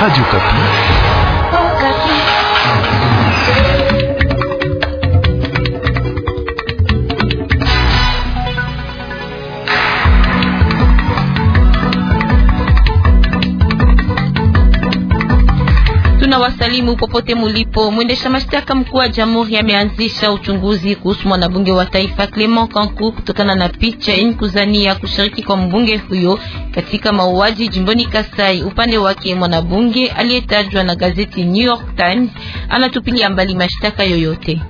Radio Okapi. walimu popote mulipo. Mwendesha mashtaka mkuu wa jamhuri ameanzisha uchunguzi kuhusu mwanabunge wa taifa Clement Kanku kutokana na picha yenye kuzania kushiriki kwa mbunge huyo katika mauaji jimboni Kasai. Upande wake mwanabunge aliyetajwa na gazeti New York Times anatupilia mbali mashtaka yoyote.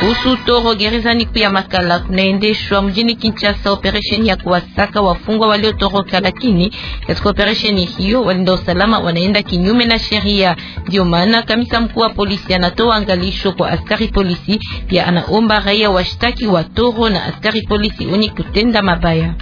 Kuhusu toro gerezani ya makala kunaendeshwa mjini Kinshasa operesheni ya kuwasaka wafungwa waliotoroka, lakini katika operesheni hiyo walinda usalama wanaenda kinyume na sheria. Ndio maana kamisa mkuu wa polisi anatoa angalisho kwa askari polisi, pia anaomba raia washtaki wa toro na askari polisi wenye kutenda mabaya.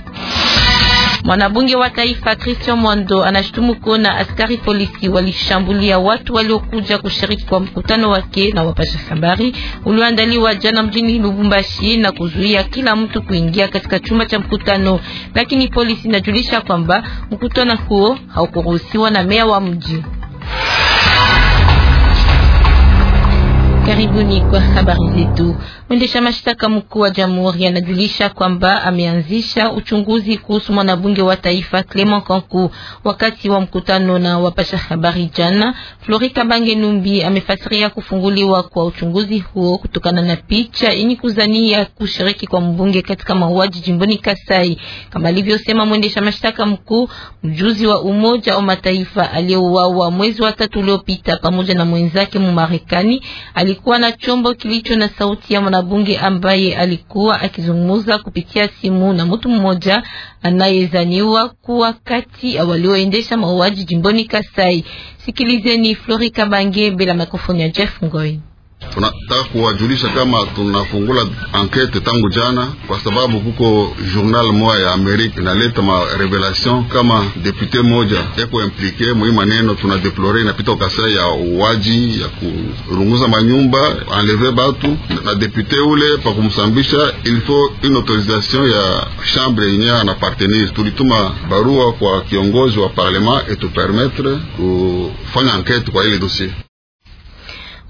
Mwanabunge wa taifa Christian Mwando anashutumu kuona askari polisi walishambulia watu waliokuja kushiriki kwa mkutano wake na wapasha habari ulioandaliwa jana mjini Lubumbashi na kuzuia kila mtu kuingia katika chumba cha mkutano, lakini polisi inajulisha kwamba mkutano huo haukuruhusiwa na meya wa mji. Karibuni kwa habari zetu. Mwendesha mashtaka mkuu wa Jamhuri anajulisha kwamba ameanzisha uchunguzi kuhusu mwanabunge wa taifa Clement Kanku. Wakati wa mkutano na wapasha habari jana, Flori Kabange Numbi amefasiria kufunguliwa kwa uchunguzi huo kutokana na picha yenye kuzania kushiriki kwa mbunge katika mauaji jimboni Kasai, kama alivyosema mwendesha mashtaka mkuu mjuzi wa Umoja wa Mataifa aliyeuawa mwezi wa tatu uliopita pamoja na mwenzake Mumarekani ali kulikuwa na chombo kilicho na sauti ya mwanabunge ambaye alikuwa akizungumza kupitia simu na mtu mmoja anayezaniwa kuwa kati ya walioendesha mauaji jimboni Kasai. Sikilizeni Flori Kabange bila mikrofoni ya Jeff Ngoi tunataka kuwajulisha kama tunafungula enquete tangu jana, kwa sababu kuko journal moja ya Amerika inaleta ma revelation kama depute moja yako implike mwi maneno deplore inapita ukasa ya uwaji ya kurunguza manyumba enleve batu na depute ule pa kumsambisha faut une autorisation ya chambre yenye partenaire Tulituma barua kwa kiongozi wa parlement etupermetre kufanya enquete kwa ile dossier.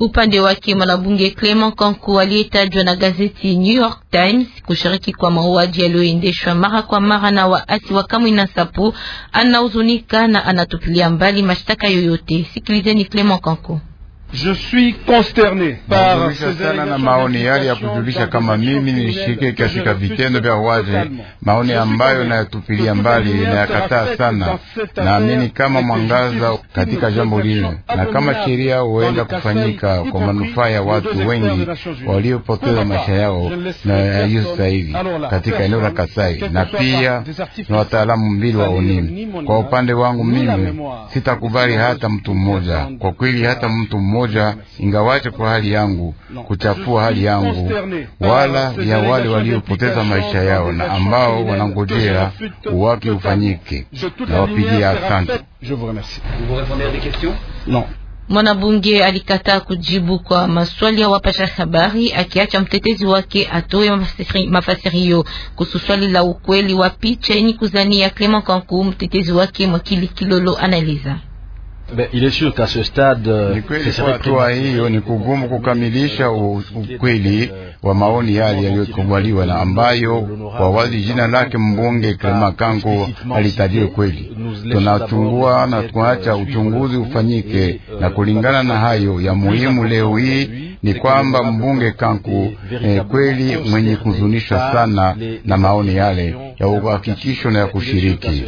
Upande wake mwanabunge Clement Kanku aliyetajwa na gazeti New York Times kushiriki kwa mauaji yaliyoendeshwa mara kwa mara na waasi wa Kamwina Nsapu anahuzunika na anatupilia mbali mashtaka yoyote. Sikilizeni Clement Kanku. Je suis consterné par sana na maoni yale ya kujulisha kama mimi nilishiriki katika vitendo vya wazi, maoni ambayo nayatupilia mbali na yakataa sana. Naamini kama mwangaza katika jambo lile na kama sheria huenda kufanyika kwa manufaa ya watu wengi waliopoteza maisha yao na yayostahili katika eneo la Kasai na pia na wataalamu mbili wa UNIM. Kwa upande wangu mimi sitakubali hata mtu mmoja, kwa kweli hata mtu mmoja moja, ingawaje kwa hali yangu kuchafua hali yangu, wala ya wale waliopoteza maisha yao na ambao wanangojea uwake ufanyike. Nawapigia asante. Mwanabunge alikataa kujibu kwa maswali ya wapasha habari, akiacha mtetezi wake atoe mafasirio kuhusu swali la ukweli wa picha yenye kuzania. Clement Kanku, mtetezi wake mwakili Kilolo, anaeleza ni kweli kwa hatua hiyo ni kugumu kukamilisha ukweli wa maoni euh, yale yaliyokubaliwa na ambayo kwa wazi jina lake mbunge Clement Kanko alitajia kweli. Tunachungua na tuacha euh, uchunguzi ufanyike, euh, na kulingana na hayo ya muhimu leo hii ni kwamba mbunge Kanku eh, kweli mwenye kuzunisha sana na maoni yale ya uhakikisho na ya kushiriki.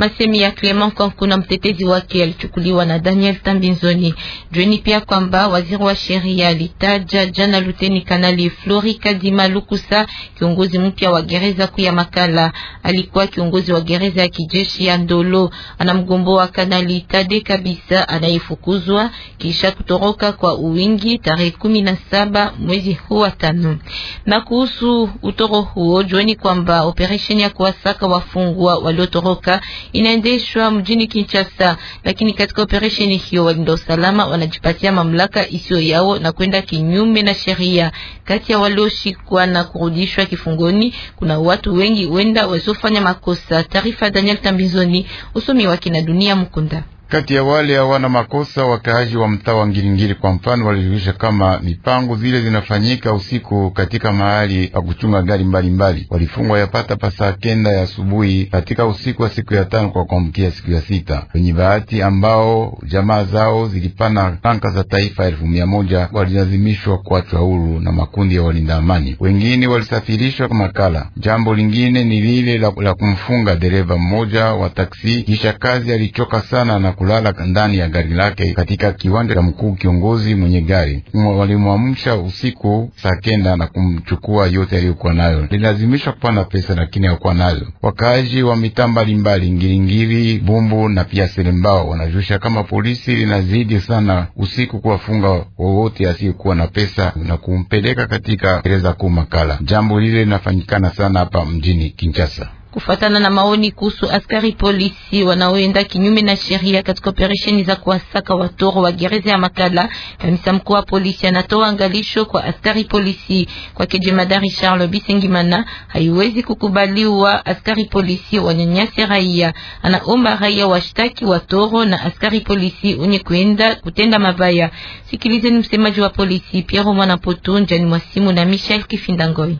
Masemi ya Clement Kankuna, mtetezi wake, alichukuliwa na Daniel Tambinzoni. Jueni pia kwamba waziri wa sheria alitaja jana luteni kanali Flori Kadima Lukusa kiongozi mpya wa gereza kuu ya Makala. Alikuwa kiongozi wa gereza ya kijeshi ya Ndolo, anamgomboa kanali Tade kabisa anayefukuzwa kisha kutoroka kwa uwingi tarehe kumi na saba mwezi huu wa tano. Na kuhusu utoro huo, jueni kwamba operesheni ya kuwasaka wafungwa waliotoroka inaendeshwa mjini Kinshasa, lakini katika operesheni hiyo walinda usalama wanajipatia mamlaka isiyo yao na kwenda kinyume na sheria. Kati ya walioshikwa na kurudishwa kifungoni kuna watu wengi wenda wasiofanya makosa. Taarifa Daniel Tambizoni, usomi wake na Dunia Mkunda. Kati ya wale hawana makosa wakaaji wa mtaa wa Ngiringiri kwa mfano, walijulisha kama mipango zile zinafanyika usiku katika mahali pa kuchunga gari mbalimbali, walifungwa yapata pa saa kenda ya asubuhi katika usiku wa siku ya tano kwa kuamkia siku ya sita. Wenye bahati ambao jamaa zao zilipana tanka za taifa elfu mia moja walilazimishwa kuachwa huru na makundi ya walinda amani, wengine walisafirishwa kwa makala. Jambo lingine ni lile la, la kumfunga dereva mmoja wa taksi kisha kazi alichoka sana na kulala ndani ya gari lake katika kiwanja cha mkuu kiongozi mwenye gari. Walimwamsha usiku saa kenda na kumchukua yote aliyokuwa nayo, lilazimishwa kupanda pesa lakini hakuwa nazo. Wakaaji wa mitaa mbalimbali ngiringiri Bumbu na pia Selembao wanajusha kama polisi linazidi sana usiku kuwafunga wowote asiyekuwa na pesa na kumpeleka katika gereza kuu Makala. Jambo lile linafanyikana sana hapa mjini Kinshasa. Kufatana na maoni kuhusu askari polisi wanaoenda kinyume na sheria katika operesheni za kuwasaka watoro wa gereza ya Makala, kamisa mkuu wa polisi anatoa angalisho kwa askari polisi. Kwa jemadari Charles Bisengimana, haiwezi kukubaliwa askari polisi wanyanyase raia. Anaomba raia washtaki watoro na askari polisi wenye kuenda kutenda mabaya. Sikilizeni msemaji wa polisi Piero Mwanapotu Potu, Njani Mwasimu na Michel Kifindangoi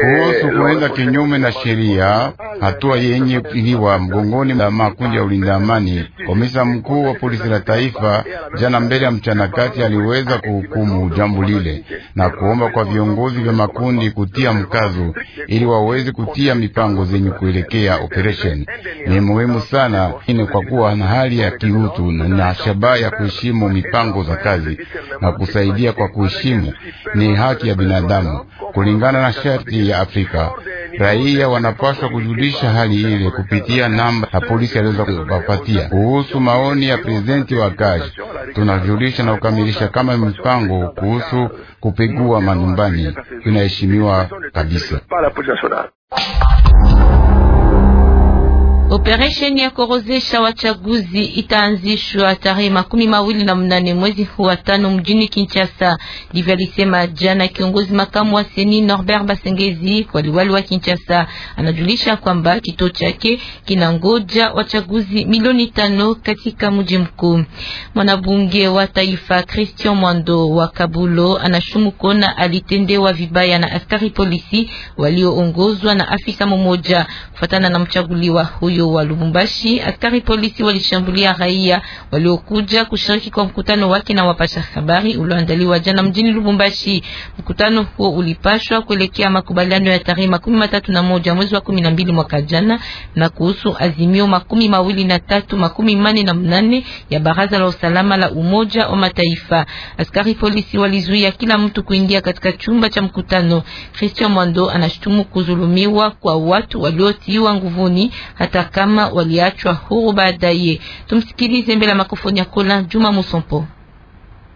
kuhusu kuenda kinyume na sheria, hatua yenye iliwa mgongoni na makundi ya ulinda amani. Komisa mkuu wa polisi la taifa jana mbele ya mchana kati aliweza kuhukumu jambo lile na kuomba kwa viongozi vya makundi kutia mkazo ili waweze kutia mipango zenye kuelekea operesheni. Ni muhimu sana ine kwa kuwa na hali ya kiutu na shabaha ya kuheshimu mipango za kazi na kusaidia kwa kuheshimu, ni haki ya binadamu Kulingana na sharti ya Afrika, raia wanapaswa kujulisha hali ile kupitia namba na polisi aliweza kuwapatia. Kuhusu maoni ya prezidenti wa kaji, tunajulisha na kukamilisha kama mipango kuhusu kupigua manumbani inaheshimiwa kabisa. Operesheni ya korozesha wachaguzi itaanzishwa tarehe makumi mawili na mnane mwezi wa tano mjini Kinshasa. Ndivyo alisema jana kiongozi makamu wa Seni Norbert Basengezi kwa liwali wa Kinshasa. Anajulisha kwamba kituo chake kinangoja wachaguzi milioni tano katika mji mkuu. Mwanabunge wa taifa Christian Mwando wa Kabulo anashumu kona alitendewa vibaya na askari polisi walioongozwa na afisa mmoja kufuatana na mchaguliwa huyo moyo wa Lubumbashi, askari polisi walishambulia raia waliokuja kushiriki kwa mkutano wake na wapasha habari ulioandaliwa jana mjini Lubumbashi. Mkutano huo ulipashwa kuelekea makubaliano ya tarehe makumi matatu na moja mwezi wa kumi na mbili mwaka jana na kuhusu azimio makumi mawili na tatu makumi mane na mnane ya Baraza la Usalama la Umoja wa Mataifa. Askari polisi walizuia kila mtu kuingia katika chumba cha mkutano. Christian Mwando anashutumu kuzulumiwa kwa watu waliotiwa nguvuni hata kama waliachwa huru baadaye. Tumsikilize mbele ya makofoni ya Kola Juma Musompo.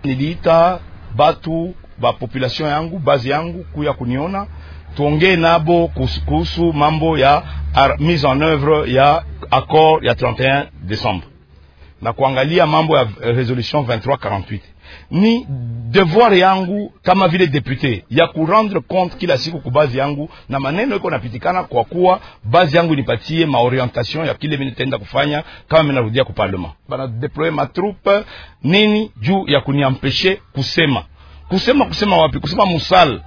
Niliita batu ba population yangu bazi yangu kuya kuniona tuongee nabo kuhusu mambo ya mise en oeuvre ya accord ya 31 Desembre. na kuangalia mambo ya resolution 2348 ni devoir yangu kama vile depute ya rendre compte kila siku kubazi yangu na maneno iko napitikana, kwa kuwa bazi yangu nipatie maorientation ya kile minitenda kufanya kama minarudia kuparlema. Bana ma troupe. nini juu ya kuniampeshe kusema kusema kusema wapi kusema musal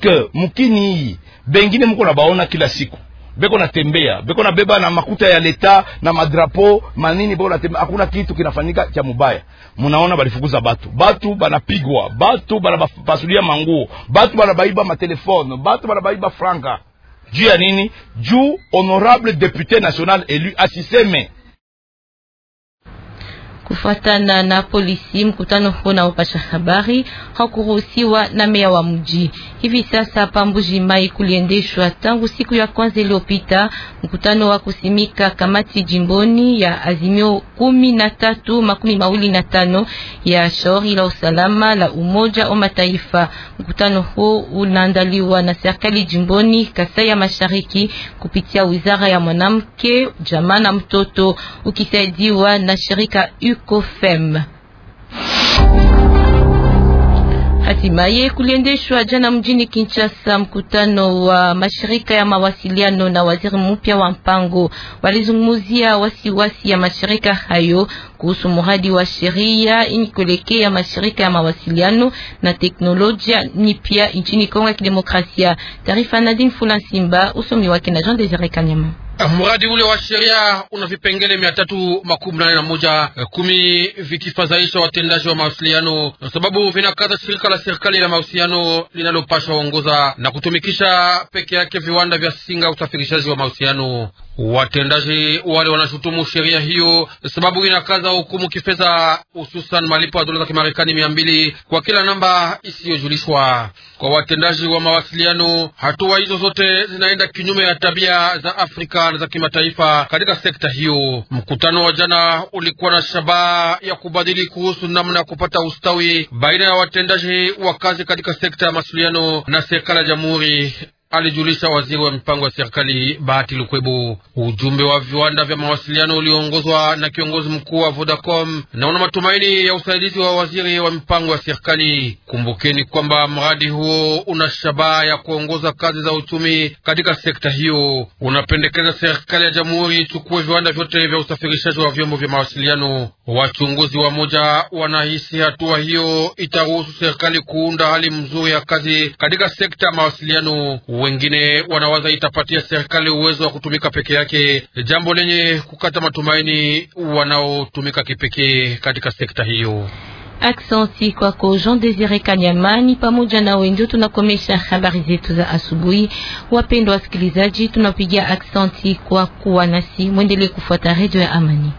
que mukini bengine mko na baona kila siku beko natembea beko nabeba na makuta ya leta na madrapo manini, beko natembea, hakuna kitu kinafanyika cha mubaya. Munaona balifukuza batu, batu banapigwa, batu banapasulia manguo, batu banabaiba matelefone, batu banabaiba franka juu ya nini? Juu honorable député national élu asiseme Kufuatana na polisi, mkutano huo na upasha habari hakuruhusiwa na meya wa mji. Hivi sasa pambuji mai kuliendeshwa tangu siku ya kwanza iliyopita mkutano wa kusimika kamati jimboni ya azimio kumi na tatu makumi mawili na tano ya shauri la usalama la Umoja wa Mataifa. Mkutano huo unaandaliwa na serikali jimboni Kasai ya Mashariki kupitia wizara ya mwanamke, jamaa na mtoto ukisaidiwa na shirika U COFEM. Hatimaye kuliendeshwa jana mjini Kinshasa mkutano wa mashirika ya mawasiliano na waziri mpya wa mpango. Walizungumzia wasiwasi ya mashirika hayo kuhusu mradi wa sheria ili kuelekea mashirika ya mawasiliano na teknolojia mipya nchini Kongo ya Kidemokrasia. Taarifa Nadine Fulansimba, usomi wake na Jean Desire Kanyama. Eh, mradi ule wa sheria una vipengele mia tatu makumi nane na moja eh, kumi vikifadhaisha watendaji wa mawasiliano, sababu vinakaza shirika la serikali la mawasiliano linalopashwa ongoza na kutumikisha peke yake viwanda vya singa usafirishaji wa mawasiliano. Watendaji wale wanashutumu sheria hiyo sababu inakaza hukumu kifedha, hususan malipo ya dola za Kimarekani mia mbili kwa kila namba isiyojulishwa. Kwa watendaji wa mawasiliano, hatua hizo zote zinaenda kinyume ya tabia za Afrika na za kimataifa katika sekta hiyo. Mkutano wa jana ulikuwa na shabaha ya kubadili kuhusu namna ya kupata ustawi baina ya watendaji wa kazi katika sekta ya mawasiliano na serikali ya jamhuri alijulisha waziri wa mipango ya serikali Bahati Lukwebo. Ujumbe wa viwanda vya mawasiliano ulioongozwa na kiongozi mkuu wa Vodacom na una matumaini ya usaidizi wa waziri wa mipango ya serikali. Kumbukeni kwamba mradi huo una shabaha ya kuongoza kazi za uchumi katika sekta hiyo. Unapendekeza serikali ya jamhuri ichukue viwanda vyote vya usafirishaji wa vyombo vya mawasiliano Wachunguzi wa moja wanahisi hatua hiyo itaruhusu serikali kuunda hali mzuri ya kazi katika sekta ya mawasiliano. Wengine wanawaza itapatia serikali uwezo wa kutumika peke yake, jambo lenye kukata matumaini wanaotumika kipekee katika sekta hiyo. Aksanti kwako Jean Desire Kanyamani. Pamoja na wendio, tunakomesha habari zetu za asubuhi. Wapendwa wasikilizaji, tunapigia aksanti kwa kuwa nasi, mwendelee kufuata redio ya Amani.